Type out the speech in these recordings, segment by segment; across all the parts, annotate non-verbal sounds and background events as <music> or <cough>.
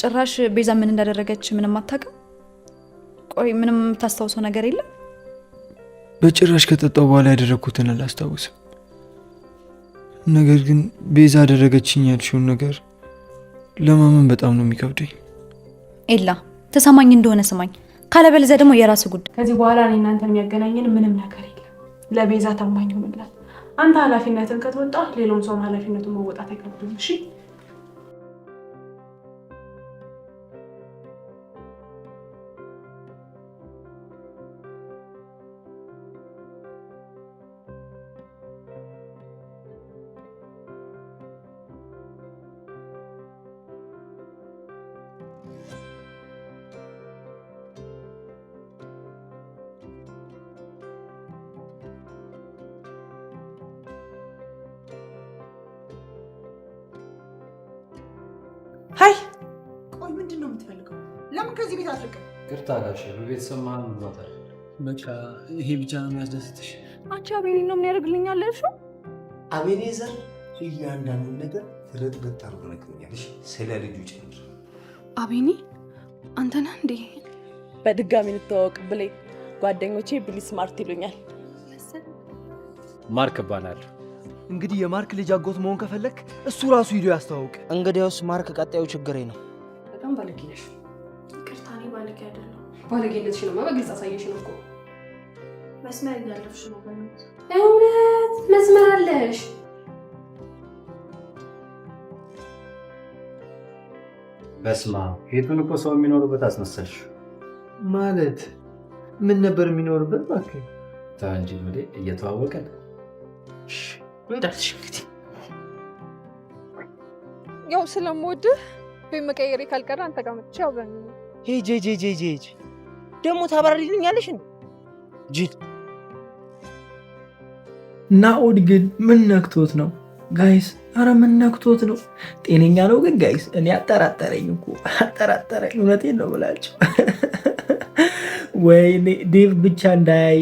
ጭራሽ ቤዛ ምን እንዳደረገች ምንም አታውቅም። ቆይ ምንም የምታስታውሰው ነገር የለም? በጭራሽ ከጠጣው በኋላ ያደረግኩትን አላስታውስም። ነገር ግን ቤዛ አደረገችኝ ያልሽውን ነገር ለማመን በጣም ነው የሚከብደኝ። ኤላ ተሰማኝ እንደሆነ ስማኝ፣ ካለበለዚያ ደግሞ የራስ ጉዳይ። ከዚህ በኋላ እኔ እናንተ የሚያገናኝን ምንም ነገር የለም። ለቤዛ ታማኝ ሆንላት። አንተ ኃላፊነትን ከተወጣ ሌላውም ሰውም ኃላፊነቱን መወጣት አይከብድም። እሺ ሀይ ቆይ፣ ምንድን ነው የምትፈልገው? ለምን ከዚህ ቤት አትርቅም? ቅርታ ጋሽ በቤተሰብ መሀል መግባታል። በቃ ይሄ ብቻ ነው የሚያስደስትሽ። አንቺ አቤኔ ነው ምን ያደርግልኛል ያልሽው? አቤኔዘር እያንዳንዱ ነገር ፍረጥ በታርጎ ነግኛለሽ፣ ስለ ልጁ ጭምር። አቤኔ አንተ ነህ እንዴ? በድጋሚ እንተዋወቅ ብለኝ ጓደኞቼ ብሊስ ማርት ይሉኛል። ማርክ እባላለሁ። እንግዲህ የማርክ ልጅ አጎት መሆን ከፈለክ እሱ ራሱ ሂዶ ያስተዋውቅ። እንግዲያውስ ማርክ ቀጣዩ ችግሬ ነው። በጣም ባለጌ ነሽ። ይቅርታ፣ እኔ ባለጌ አይደለሁም። ባለጌነትሽንማ በግልጽ ነው እኮ። መስመር እያለፍሽ ነው። እውነት መስመር አለሽ። በስማ ሄቱን እኮ ሰው የሚኖርበት አስመሰልሽ። ማለት ምን ነበር የሚኖርበት? እባክህ ተው እንጂ ወዴ እየተዋወቀን እንዳልሽ እንግዲህ ያው ስለምወድህ ቤት መቀየሬ ካልቀረ አንተ ጋር መጥቼ ያው በሚ ሄጅ ሄጅ ሄጅ ሄጅ ሄጅ ደግሞ ታበራሪልኛለሽ እንዴ ጂል ናኦድ ግን ምን ነክቶት ነው ጋይስ? አረ ምን ነክቶት ነው? ጤነኛ ነው ግን ጋይስ? እኔ አጠራጠረኝ እኮ አጠራጠረኝ። እውነቴን ነው ብላችሁ ወይ ዴቭ ብቻ እንዳያይ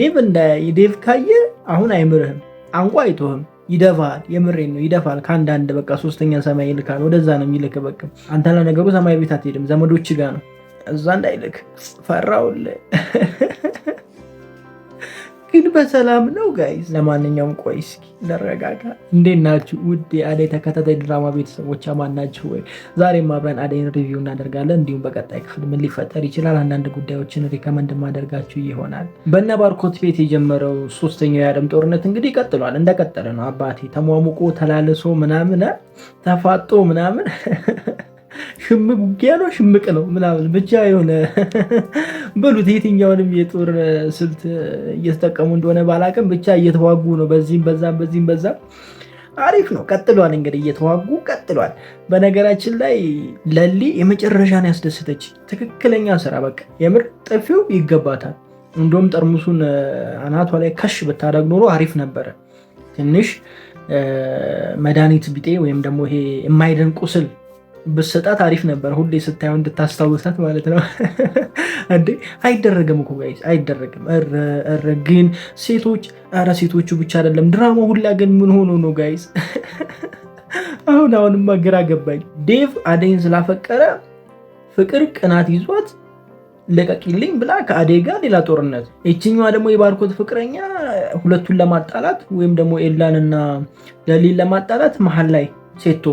ዴቭ እንዳያይ ዴቭ ካየ አሁን አይምርህም አንቋይቶህም ይደፋል። የምሬን ነው ይደፋል። ከአንዳንድ በቃ ሶስተኛ ሰማይ ይልካል። ወደዛ ነው የሚልክ። በቃ አንተ ለነገሩ ሰማይ ቤት አትሄድም፣ ዘመዶች ጋ ነው። እዛ እንዳይልክ ፈራውል ግን በሰላም ነው ጋይዝ። ለማንኛውም ቆይ እስኪ እንረጋጋ። እንዴት ናችሁ ውድ የአደይ ተከታታይ ድራማ ቤተሰቦች አማን ናችሁ ወይ? ዛሬም አብረን አደይን ሪቪው እናደርጋለን። እንዲሁም በቀጣይ ክፍል ምን ሊፈጠር ይችላል አንዳንድ ጉዳዮችን ሪከመንድ ማደርጋችሁ ይሆናል። በነ ባርኮት ቤት የጀመረው ሶስተኛው የአደም ጦርነት እንግዲህ ቀጥሏል። እንደቀጠለ ነው። አባቴ ተሟሙቆ ተላልሶ ምናምን ተፋጦ ምናምን <laughs> ሽምቅ ውጊያ ነው፣ ሽምቅ ነው ምናምን ብቻ የሆነ <laughs> በሉት የትኛውንም የጦር ስልት እየተጠቀሙ እንደሆነ ባላቅም ብቻ እየተዋጉ ነው። በዚህም በዛም በዚህም በዛም አሪፍ ነው። ቀጥሏል እንግዲህ እየተዋጉ ቀጥሏል። በነገራችን ላይ ለሊ የመጨረሻን ያስደሰተች ትክክለኛ ስራ በቃ የምር ጥፊው ይገባታል። እንዲሁም ጠርሙሱን አናቷ ላይ ከሽ ብታደርግ ኖሮ አሪፍ ነበረ። ትንሽ መድኃኒት ቢጤ ወይም ደግሞ ይሄ የማይደንቁ ስል ብሰጣት አሪፍ ነበር። ሁሌ ስታየው እንድታስታውሳት ማለት ነው። <laughs> እንዴ አይደረግም እኮ ጋይስ አይደረግም። ኧረ ግን ሴቶች፣ ኧረ ሴቶቹ ብቻ አይደለም ድራማ ሁላ ግን ምን ሆኖ ነው ጋይስ? <laughs> አሁን አሁንማ ግራ ገባኝ። ዴቭ አደይን ስላፈቀረ ፍቅር ቅናት ይዟት ለቀቂልኝ ብላ ከአደይ ጋር ሌላ ጦርነት። ይችኛዋ ደግሞ የባርኮት ፍቅረኛ ሁለቱን ለማጣላት ወይም ደግሞ ኤላንና ለሊን ለማጣላት መሀል ላይ ሴቶ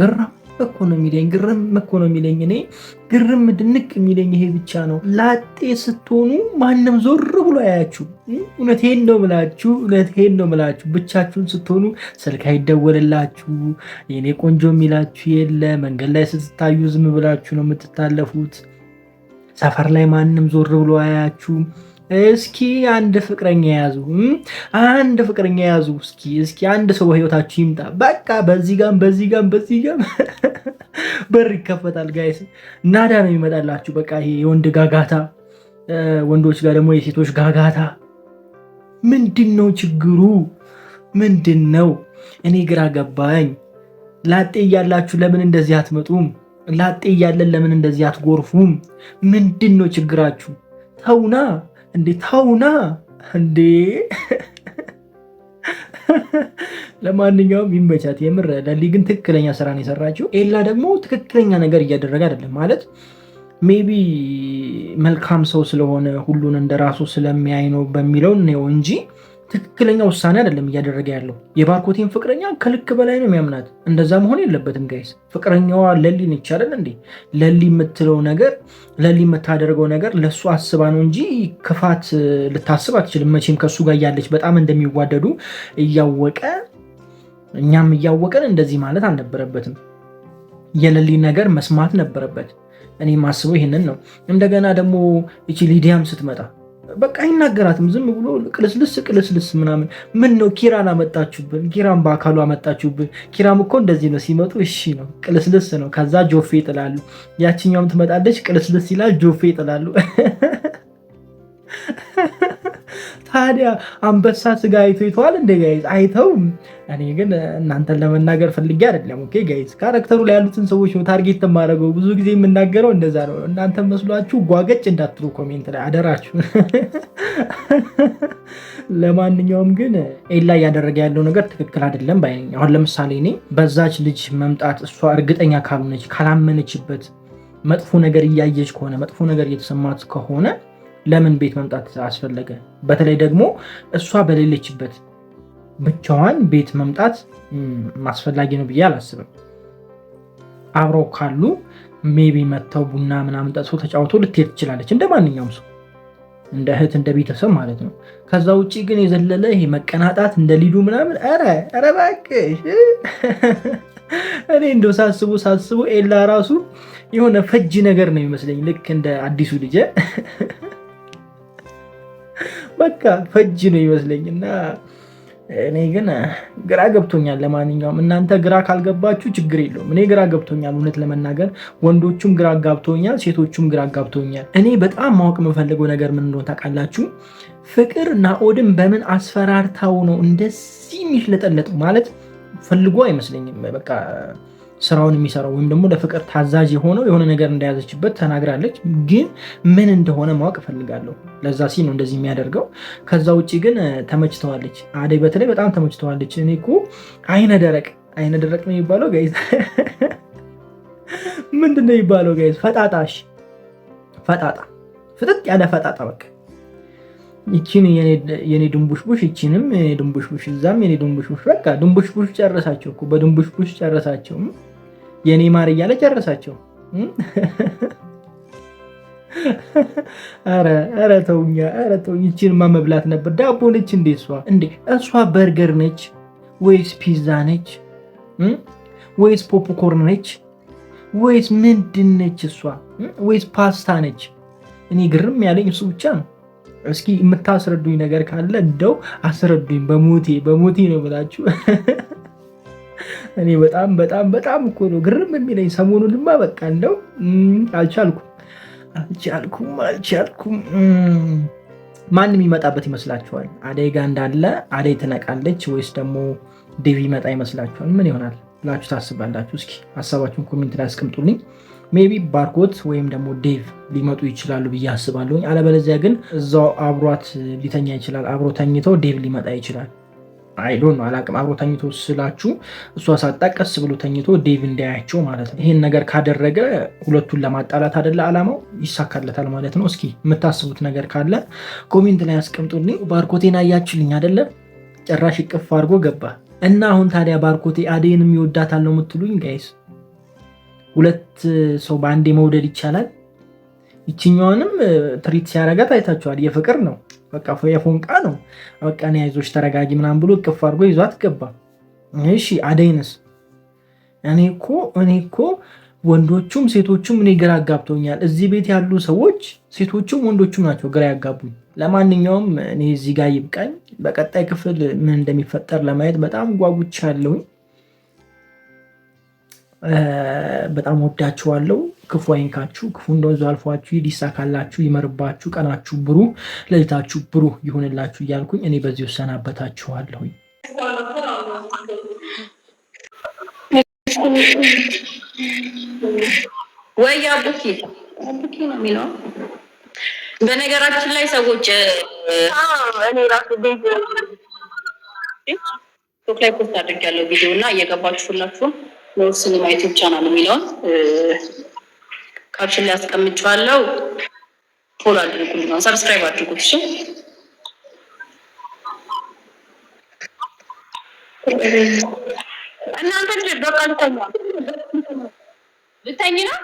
ግራ እኮ ነው የሚለኝ፣ ግርም እኮ ነው የሚለኝ። እኔ ግርም ድንቅ የሚለኝ ይሄ ብቻ ነው። ላጤ ስትሆኑ ማንም ዞር ብሎ አያችሁ። እውነቴን ነው ምላችሁ፣ እውነቴን ነው ምላችሁ። ብቻችሁን ስትሆኑ ስልክ አይደወልላችሁ፣ የኔ ቆንጆ የሚላችሁ የለ። መንገድ ላይ ስትታዩ ዝም ብላችሁ ነው የምትታለፉት። ሰፈር ላይ ማንም ዞር ብሎ አያችሁ። እስኪ አንድ ፍቅረኛ የያዙ አንድ ፍቅረኛ የያዙ እስኪ እስኪ አንድ ሰው በህይወታችሁ ይምጣ። በቃ በዚህ ጋም በዚህ ጋም በዚህ ጋም <laughs> በር ይከፈታል። ጋይስ ናዳ ነው ይመጣላችሁ። በቃ ይሄ የወንድ ጋጋታ፣ ወንዶች ጋር ደግሞ የሴቶች ጋጋታ። ምንድን ነው ችግሩ? ምንድን ነው? እኔ ግራ ገባኝ። ላጤ እያላችሁ ለምን እንደዚህ አትመጡም? ላጤ እያለን ለምን እንደዚህ አትጎርፉም? ምንድን ነው ችግራችሁ? ተውና እንዴ ታውና እንዴ ለማንኛውም ይመቻት። የምር ለሊ ግን ትክክለኛ ስራ ነው የሰራችው። ኤላ ደግሞ ትክክለኛ ነገር እያደረገ አይደለም ማለት ሜቢ መልካም ሰው ስለሆነ ሁሉን እንደራሱ ስለሚያይ ነው በሚለው ነው እንጂ ትክክለኛ ውሳኔ አይደለም እያደረገ ያለው። የባርኮቴን ፍቅረኛ ከልክ በላይ ነው የሚያምናት። እንደዛ መሆን የለበትም ጋይስ። ፍቅረኛዋ ለሊን ይቻላል እንዴ? ለሊ የምትለው ነገር ለሊ የምታደርገው ነገር ለእሱ አስባ ነው እንጂ ክፋት ልታስብ አትችልም። መቼም ከእሱ ጋር እያለች በጣም እንደሚዋደዱ እያወቀ እኛም እያወቀን እንደዚህ ማለት አልነበረበትም። የለሊ ነገር መስማት ነበረበት። እኔ ማስበው ይህንን ነው። እንደገና ደግሞ ይቺ ሊዲያም ስትመጣ በቃ አይናገራትም። ዝም ብሎ ቅልስልስ ቅልስልስ ምናምን። ምን ነው ኪራን አመጣችሁብን፣ ኪራን በአካሉ አመጣችሁብን። ኪራም እኮ እንደዚህ ነው ሲመጡ፣ እሺ ነው ቅልስልስ ነው። ከዛ ጆፌ ይጥላሉ። ያችኛውም ትመጣለች፣ ቅልስልስ ይላል፣ ጆፌ ይጥላሉ። <laughs> ታዲያ አንበሳ ስጋ አይቶ ይተዋል እንደ ጋይዝ አይተውም። እኔ ግን እናንተን ለመናገር ፈልጌ አይደለም። ኦኬ ጋይዝ፣ ካረክተሩ ላይ ያሉትን ሰዎች ነው ታርጌት የማደርገው። ብዙ ጊዜ የምናገረው እንደዛ ነው። እናንተ መስሏችሁ ጓገጭ እንዳትሉ ኮሜንት ላይ አደራችሁ። <laughs> ለማንኛውም ግን ኤላ እያደረገ ያለው ነገር ትክክል አይደለም ባይ አሁን ለምሳሌ እኔ በዛች ልጅ መምጣት እሷ እርግጠኛ ካልሆነች ካላመነችበት፣ መጥፎ ነገር እያየች ከሆነ መጥፎ ነገር እየተሰማት ከሆነ ለምን ቤት መምጣት አስፈለገ? በተለይ ደግሞ እሷ በሌለችበት ብቻዋን ቤት መምጣት ማስፈላጊ ነው ብዬ አላስብም። አብረው ካሉ ሜቢ መጥተው ቡና ምናምን ጠጥቶ ተጫውቶ ልትሄድ ትችላለች፣ እንደ ማንኛውም ሰው እንደ እህት እንደ ቤተሰብ ማለት ነው። ከዛ ውጭ ግን የዘለለ ይሄ መቀናጣት እንደ ሊዱ ምናምን ኧረ ኧረ እባክሽ <laughs> እኔ እንደው ሳስቡ ሳስቡ ኤላ ራሱ የሆነ ፈጅ ነገር ነው ይመስለኝ ልክ እንደ አዲሱ ልጄ <laughs> በቃ ፈጅ ነው ይመስለኝ እና እኔ ግን ግራ ገብቶኛል። ለማንኛውም እናንተ ግራ ካልገባችሁ ችግር የለውም። እኔ ግራ ገብቶኛል፣ እውነት ለመናገር ወንዶቹም ግራ ጋብቶኛል፣ ሴቶቹም ግራ ጋብቶኛል። እኔ በጣም ማወቅ የምፈልገው ነገር ምን እንደሆነ ታውቃላችሁ? ፍቅር ናኦድን በምን አስፈራርታው ነው እንደዚህ የሚሽለጠለጠው? ማለት ፈልጎ አይመስለኝም በቃ ስራውን የሚሰራው ወይም ደግሞ ለፍቅር ታዛዥ የሆነው የሆነ ነገር እንደያዘችበት ተናግራለች። ግን ምን እንደሆነ ማወቅ እፈልጋለሁ። ለዛ ሲል ነው እንደዚህ የሚያደርገው። ከዛ ውጭ ግን ተመችተዋለች። አደይ በተለይ በጣም ተመችተዋለች። እኔ እኮ አይነ ደረቅ አይነ ደረቅ ነው የሚባለው ጋይዝ፣ <laughs> ምንድን ነው የሚባለው ጋይዝ? ፈጣጣሽ ፈጣጣ ፍጥጥ ያለ ፈጣጣ በቃ ይቺን የኔ ድንቡሽቡሽ ይቺንም የኔ ድንቡሽቡሽ እዛም የኔ ድንቡሽቡሽ በቃ ድንቡሽቡሽ ጨረሳቸው እኮ በድንቡሽቡሽ ጨረሳቸው። የኔ ማር እያለ ጨረሳቸው። ኧረ ተውኛ፣ ኧረ ተውኝ። መብላት ነበር። ዳቦ ነች እንዴ እሷ? እንዴ እሷ በርገር ነች ወይስ ፒዛ ነች ወይስ ፖፕኮርን ነች ወይስ ምንድን ነች እሷ? ወይስ ፓስታ ነች? እኔ ግርም ያለኝ እሱ ብቻ ነው። እስኪ የምታስረዱኝ ነገር ካለ እንደው አስረዱኝ። በሞቴ በሞቴ ነው ብላችሁ <laughs> እኔ በጣም በጣም በጣም እኮ ነው ግርም የሚለኝ። ሰሞኑን ልማ በቃ እንደው አልቻልኩም አልቻልኩም አልቻልኩም። ማን የሚመጣበት ይመስላችኋል? አደይ ጋ እንዳለ አደይ ትነቃለች ወይስ ደግሞ ዴቪ ይመጣ ይመስላችኋል? ምን ይሆናል ብላችሁ ታስባላችሁ? እስኪ ሀሳባችሁን ኮሜንት ላይ አስቀምጡልኝ። ሜቢ ባርኮት ወይም ደግሞ ዴቭ ሊመጡ ይችላሉ ብዬ አስባለሁኝ። አለበለዚያ ግን እዛው አብሯት ሊተኛ ይችላል። አብሮ ተኝተው ዴቭ ሊመጣ ይችላል። አይዶን ነው አላቅም። አብሮ ተኝቶ ስላችሁ እሷ ሳጣ ቀስ ብሎ ተኝቶ ዴቭ እንዳያቸው ማለት ነው። ይህን ነገር ካደረገ ሁለቱን ለማጣላት አደለ አላማው፣ ይሳካለታል ማለት ነው። እስኪ የምታስቡት ነገር ካለ ኮሜንት ላይ አስቀምጡልኝ። ባርኮቴን አያችልኝ አደለም? ጭራሽ ይቅፍ አድርጎ ገባ እና አሁን ታዲያ ባርኮቴ አደይንም ይወዳታል ነው የምትሉኝ? ጋይስ ሁለት ሰው በአንዴ መውደድ ይቻላል? ይችኛዋንም ትሪት ሲያረጋት አይታችኋል። የፍቅር ነው በቃ የፎንቃ ነው። በቃ ያይዞች ተረጋጊ ምናምን ብሎ እቅፍ አድርጎ ይዟት ገባ። እሺ አደይንስ? እኔ እኮ እኔ እኮ ወንዶቹም ሴቶቹም እኔ ግራ አጋብቶኛል። እዚህ ቤት ያሉ ሰዎች ሴቶቹም ወንዶቹም ናቸው ግራ ያጋቡኝ። ለማንኛውም እኔ እዚህ ጋር ይብቃኝ። በቀጣይ ክፍል ምን እንደሚፈጠር ለማየት በጣም ጓጉቻለሁኝ። በጣም ወዳችኋለሁ። ክፉ አይንካችሁ፣ ክፉ እንደወንዙ አልፏችሁ፣ ሊሳካላችሁ፣ ይመርባችሁ፣ ቀናችሁ ብሩህ፣ ሌሊታችሁ ብሩህ ይሁንላችሁ እያልኩኝ እኔ በዚህ እሰናበታችኋለሁኝ። ወይ አቡኪ አቡኪ ነው የሚለው። በነገራችን ላይ ሰዎች እኔ ራሱ ቤት ቶክ ላይ ፖስት አድርጌያለሁ ቪዲዮ እና እየገባችሁ ኖር ሲኒማ ዩቲዩብ ቻናል የሚለውን ካፕሽን ላይ አስቀምጫለሁ። ፎሎ አድርጉልኝ፣ ሰብስክራይብ አድርጉት። እሺ እናንተ በቃ ልተኛ ልተኝ ነው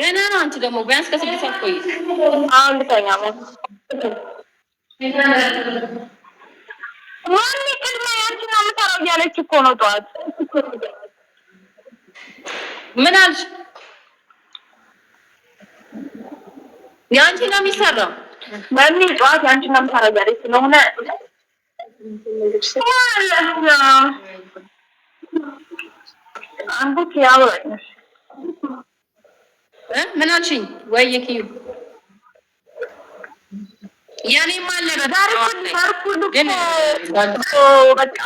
ገና ነው። አንቺ ደግሞ ቢያንስ ከስድስት ሰዓት ቆይ። አሁን ልተኛ ማን ቅድማ ያንቺ ነው የምሰራው እያለች እኮ ነው ጠዋት ምን አልሽ? የአንቺ ነው የሚሰራው። ማሚ ጠዋት የአንቺ ነው የምሰራው ዛሬ ስለሆነ አንቡክ ያው ምን አልሽኝ? ወይ ኪዩ ያኔ ማለበ ዛሬ ሁሉ ግን በቃ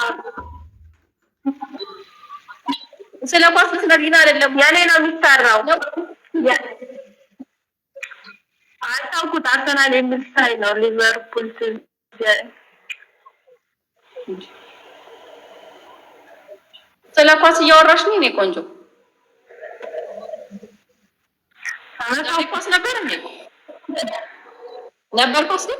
ስለ ኳስ ስለዚህ አይደለም ያኔ ነው የሚሰራው Asta cu tatăl la Liverpool, Liverpool ስለ ኳስ እያወራሽ ነው የእኔ ቆንጆ? ኳስ ነበር እንዴ? ነበር ኳስ ነው።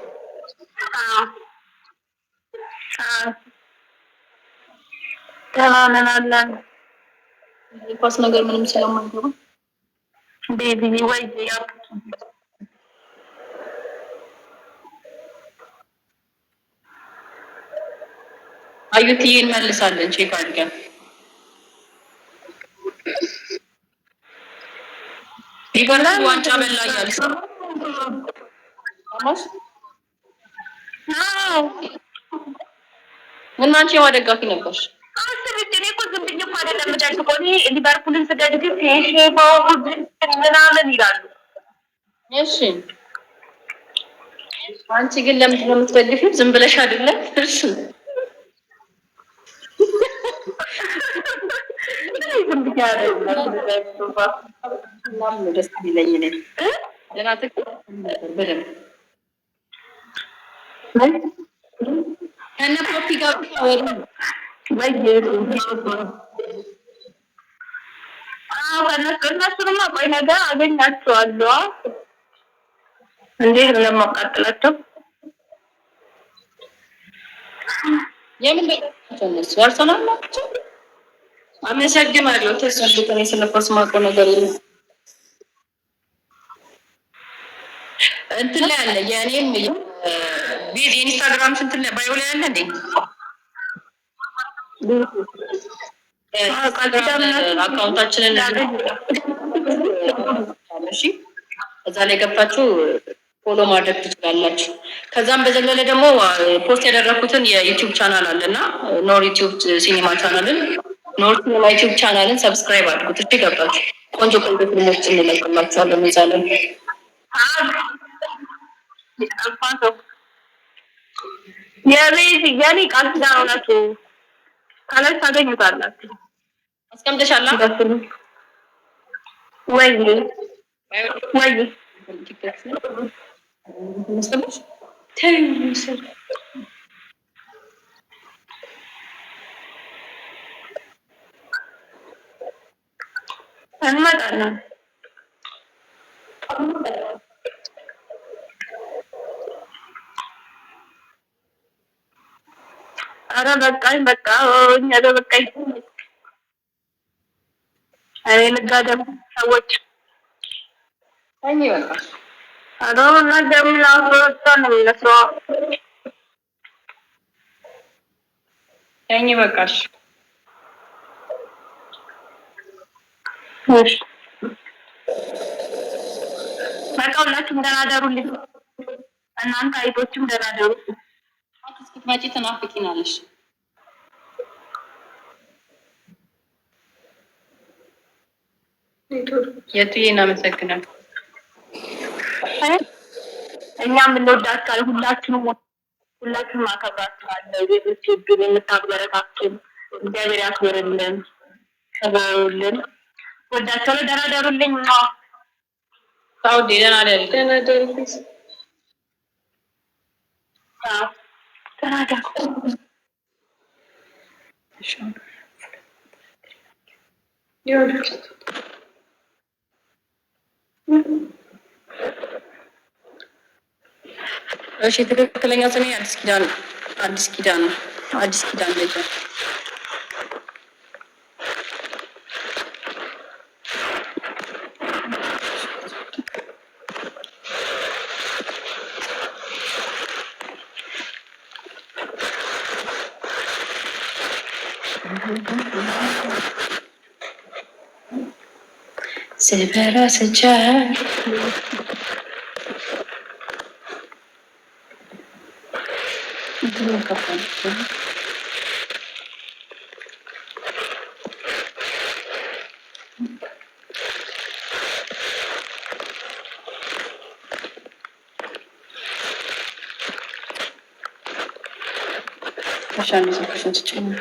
ተማመናለን። ኳስ ነገር ምንም ስለማይገባ ቤቢ ወይ ያው አዩትዬ እንመልሳለን። ቼክ አድርገን ሊቨርፑል ዋንጫ በላ እያለ ምን አንቺ የማደጋፊ ነበርሽ? ሊቨርፑልን ስገድግ ምናምን ይላሉ። እሺ አንቺ ግን ለምንድን ነው የምትደግፊው? ዝም ብለሽ አይደለም? እሺ እነሱንማ ቆይ ነገ አገኛቸዋለሁ። እንዴት እንደማቃጥላቸው የምን እነሱ ያልሰናናቸው አመሰግናለሁ። ተሰልተን ስለፋስ ማቆ ነገር የለም እንትን ላይ አለ የኢንስታግራም ላይ ባዮ ላይ አለ እንዴ አካውንታችንን እሺ፣ እዛ ላይ ገብታችሁ ፎሎ ማድረግ ትችላላችሁ። ከዛም በዘለለ ደግሞ ፖስት ያደረኩትን የዩቲዩብ ቻናል አለና ኖር ዩቲዩብ ሲኒማ ቻናልን ኖርት ዩቲዩብ ቻናልን ሰብስክራይብ አድርጉት። እሺ ገባችሁ? ቆንጆ ቆንጆ ፊልሞች እንለቅላችኋለን። ይዛለን የቤት የኔ ቃል ኪዳን ሆናችሁ ካለች ታገኙታላችሁ። አስቀምጠሻላ ወይ ወይ እንመጣለን። አረ በቃኝ፣ በቃ እኛ በቃኝ። እኔ ልጋደም ሰዎች አሮ ነገር ላፍሮታ ነው የሚመስለው። እኔ በቃሽ በቃ ሁላችሁም ደህና ደሩልኝ። እናንተ አይቶችም ደህና ደሩ። እስክትመጪ ትናፍቂናለሽ። የቱዬ እናመሰግናለን። እኛም እንወዳችኋለን። ሁላችሁም ሁላችሁም አከብራችኋለሁ። ቤቶች እግዚአብሔር ያክብርልን፣ ክበሩልን። ቶሎ ደረደሩልኝ። ሳውዲ ደህና ደሩ፣ ደረደሩ እሺ። ትክክለኛ ስሜ አዲስ ኪዳን አዲስ ኪዳን ነው። አዲስ ኪዳን ልጅ Seni biraz açar. Bunu kapattım. Aşağı bizim kuşun çiçeğini.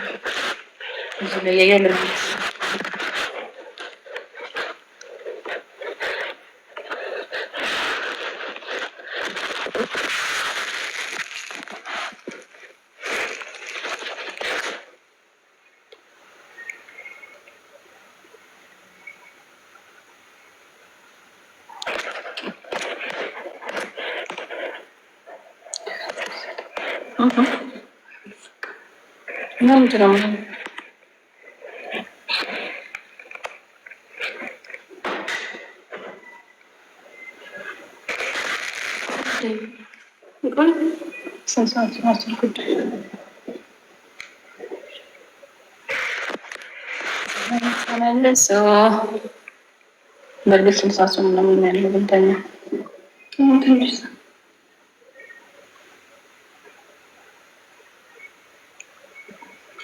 ተመልሶ በእርግጥ ስልሳ ሰው ነው የምናየው ብንተኛ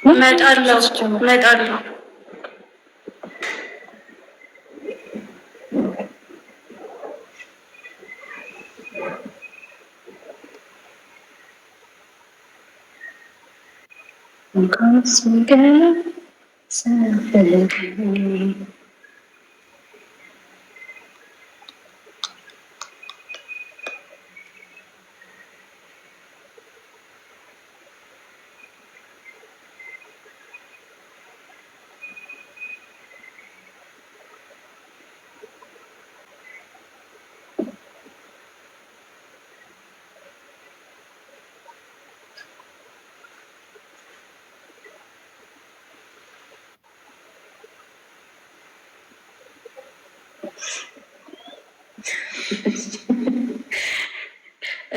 እመጣለሁ እመጣለሁ። Cross me, girl.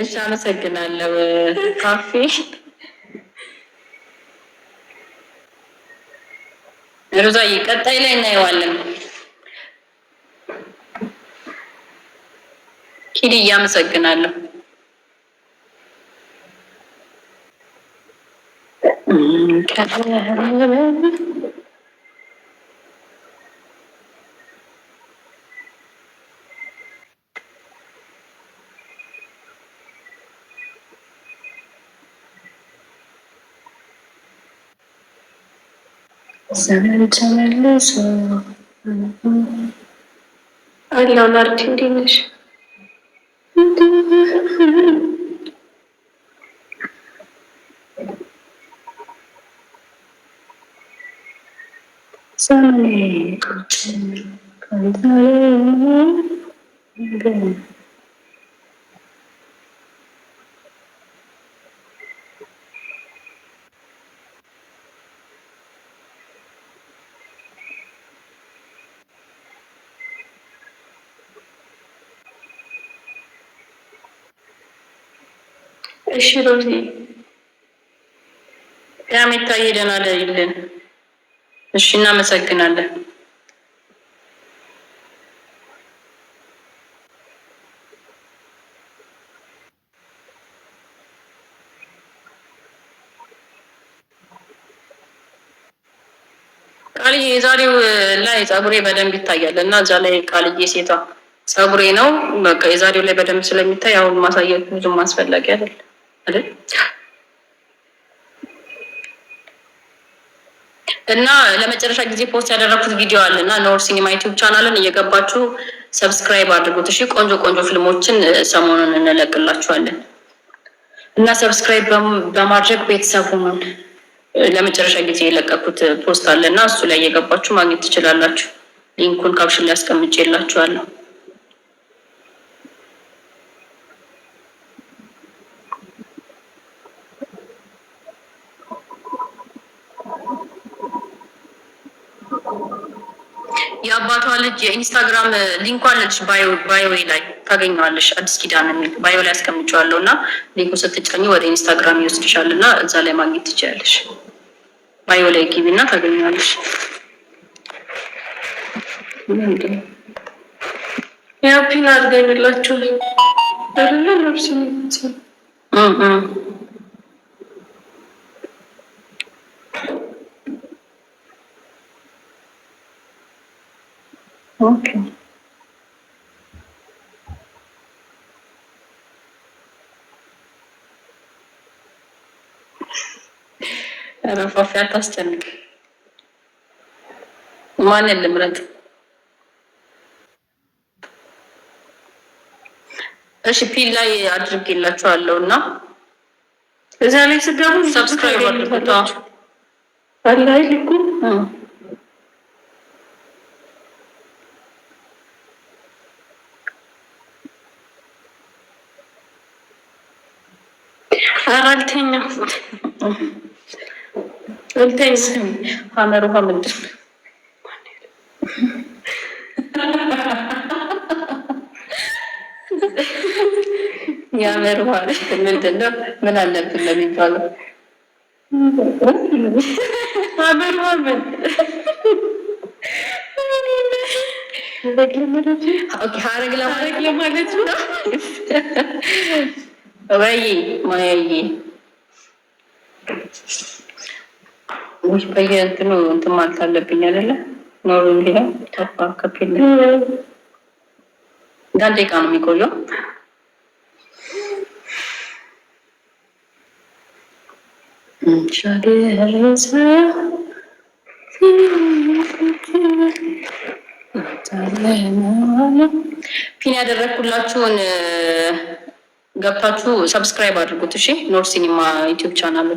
እሺ፣ አመሰግናለሁ። ካፌ ሩዛዬ፣ ቀጣይ ላይ እናየዋለን። እያመሰግናለሁ። አመሰግናለሁ። ዘንድ ተመልሶ አለው። ናርዲ እንዴት ነሽ? ሰኔ እሺ ሮዚ ያሜታ ደህና ደሪልን። እሺ እናመሰግናለን። ቃልዬ የዛሬው ላይ ፀጉሬ በደንብ ይታያል እና እዛ ላይ ቃልዬ ሴቷ ፀጉሬ ነው በቃ የዛሬው ላይ በደንብ ስለሚታይ አሁን ማሳየት ብዙም አስፈላጊ አይደለም። እና ለመጨረሻ ጊዜ ፖስት ያደረኩት ቪዲዮ አለ እና ኖር ሲኒማ ዩቲዩብ ቻናልን እየገባችሁ ሰብስክራይብ አድርጉት። እሺ ቆንጆ ቆንጆ ፊልሞችን ሰሞኑን እንለቅላችኋለን እና ሰብስክራይብ በማድረግ ቤተሰብ ሁኑን። ለመጨረሻ ጊዜ የለቀኩት ፖስት አለ እና እሱ ላይ እየገባችሁ ማግኘት ትችላላችሁ። ሊንኩን ካፕሽን ላይ አስቀምጬላችኋለሁ። የአባቷ ልጅ የኢንስታግራም ሊንኩ አለች ባዮዌ ላይ ታገኘዋለሽ። አዲስ ኪዳን የሚል ባዮ ላይ አስቀምጨዋለሁ እና ሊንኩ ስትጫኝ ወደ ኢንስታግራም ይወስድሻል እና እዛ ላይ ማግኘት ትችላለሽ። ባዮ ላይ ጊቢ እና ታገኘዋለሽ። ያፒን ፒን ለ አይደለ ነብስ ኦኬ ረፋፊ አታስጨንቅ። ማንን ልምረጥ? እሺ ፒል ላይ አድርጌላችኋለሁ እና እዚያ ላይ ስገቡ ሰብስክራይብ አድርጉ። እንቴንስ ሀመር ውሃ ምንድን የሀመር ውሃ ምንድን ነው? ምን አለብን ነው የሚባለው? ሀመር ውሃ ምን ሀረግ ለማለት ነው ወይ ማያዬ ውስጥ በየእንትኑ እንትን ማለት አለብኝ አይደለ? ኖሩ እንዲለው ተፋ ከፊል እንዳንድ ደቂቃ ነው የሚቆየው። ፒን ያደረግኩላችሁን ገብታችሁ ሰብስክራይብ አድርጉት። እሺ ኖር ሲኒማ ዩቲዩብ ቻናሉ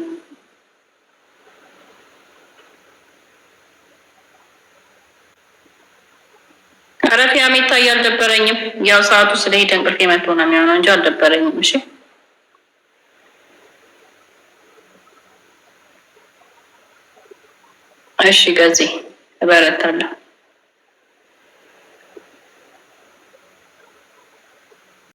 ረፊ አሜታይ አልደበረኝም። ያው ሰዓቱ ስለሄደ እንቅልፌ መቶ ነው የሚሆነው እንጂ አልደበረኝም። እሺ እሺ፣ ገዜ እበረታለሁ።